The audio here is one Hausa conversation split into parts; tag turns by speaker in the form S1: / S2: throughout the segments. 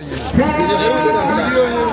S1: Видео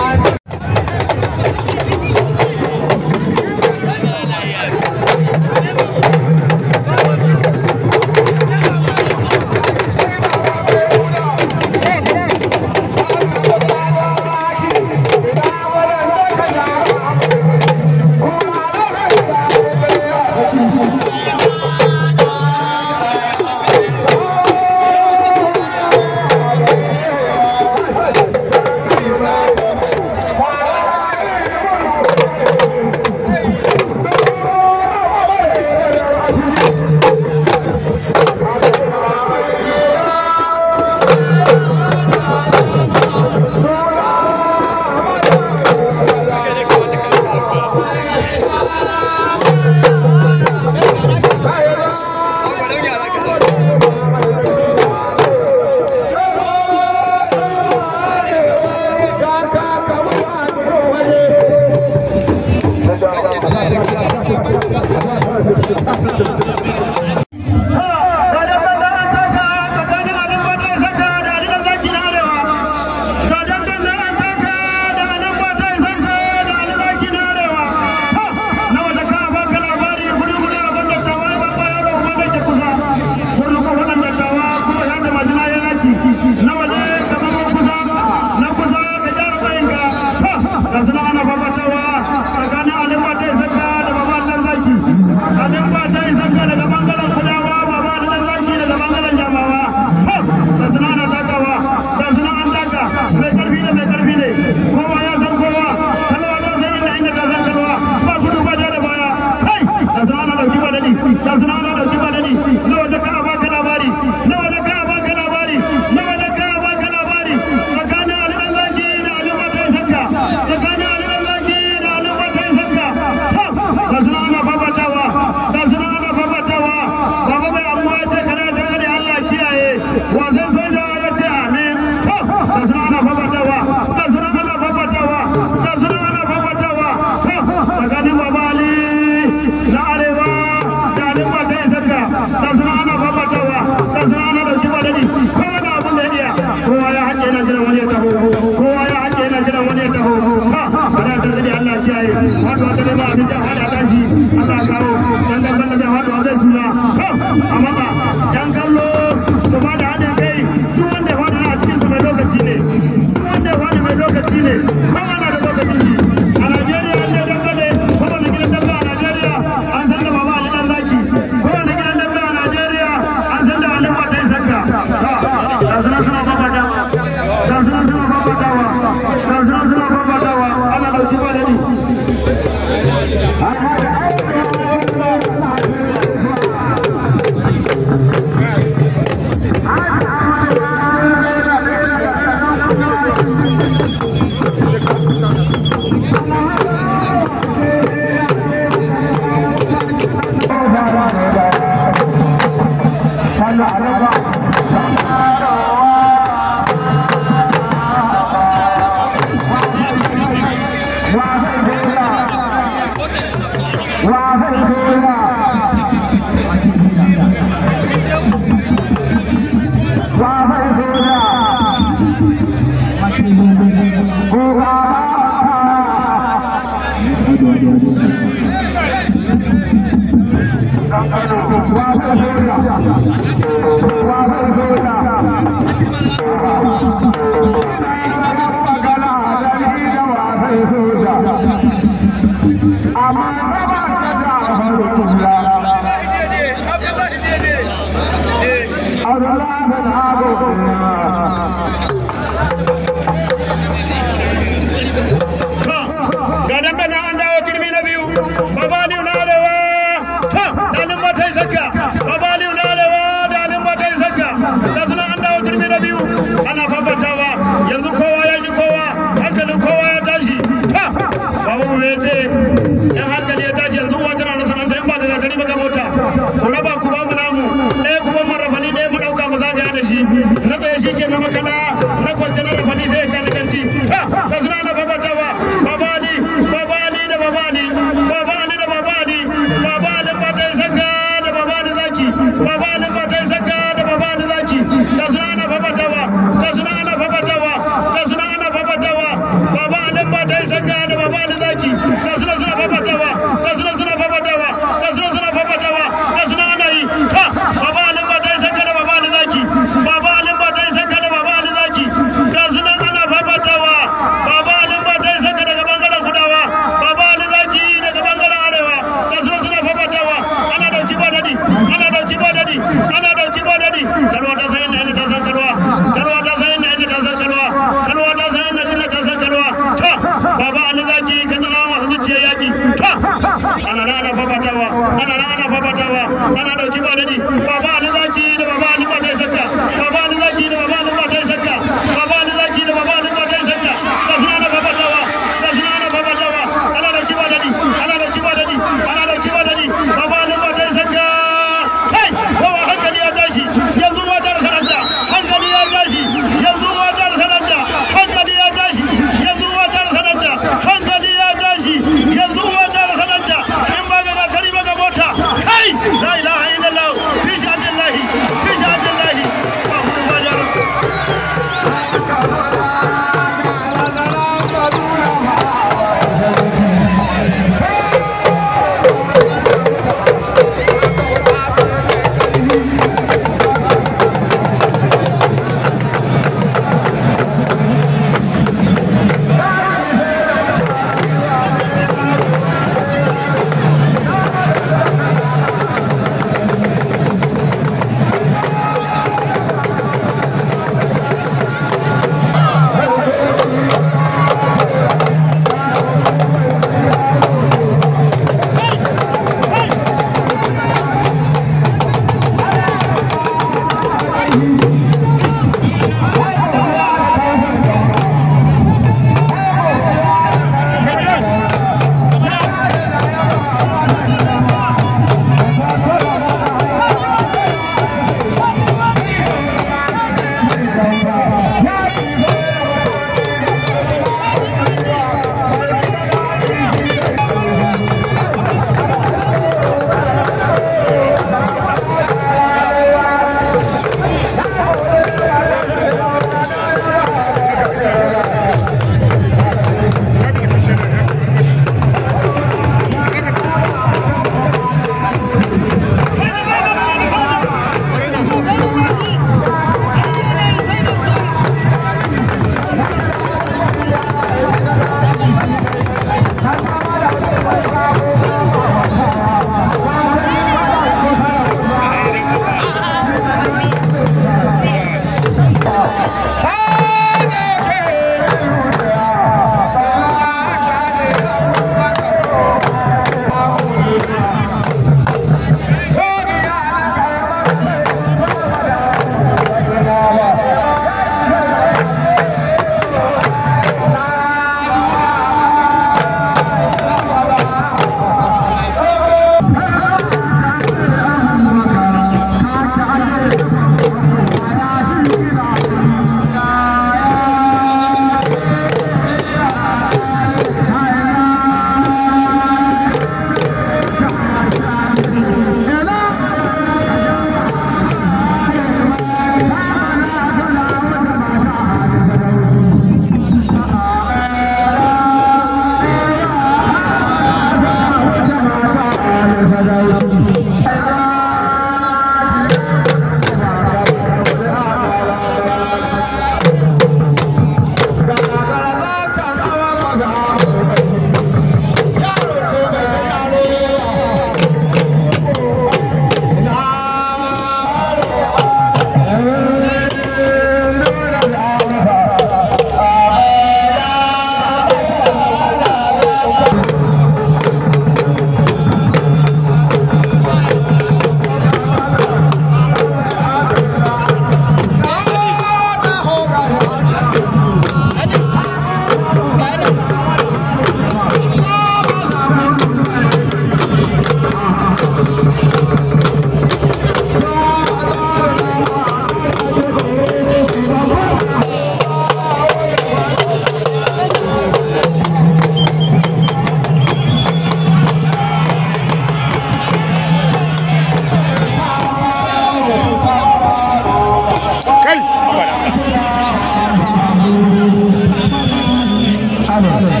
S1: malam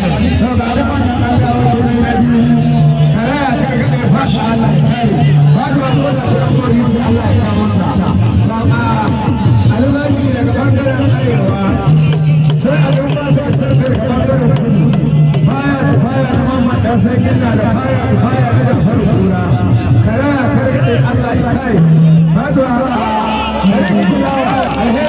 S1: to biyu kare ya kai ga da fashi Allah kai ka da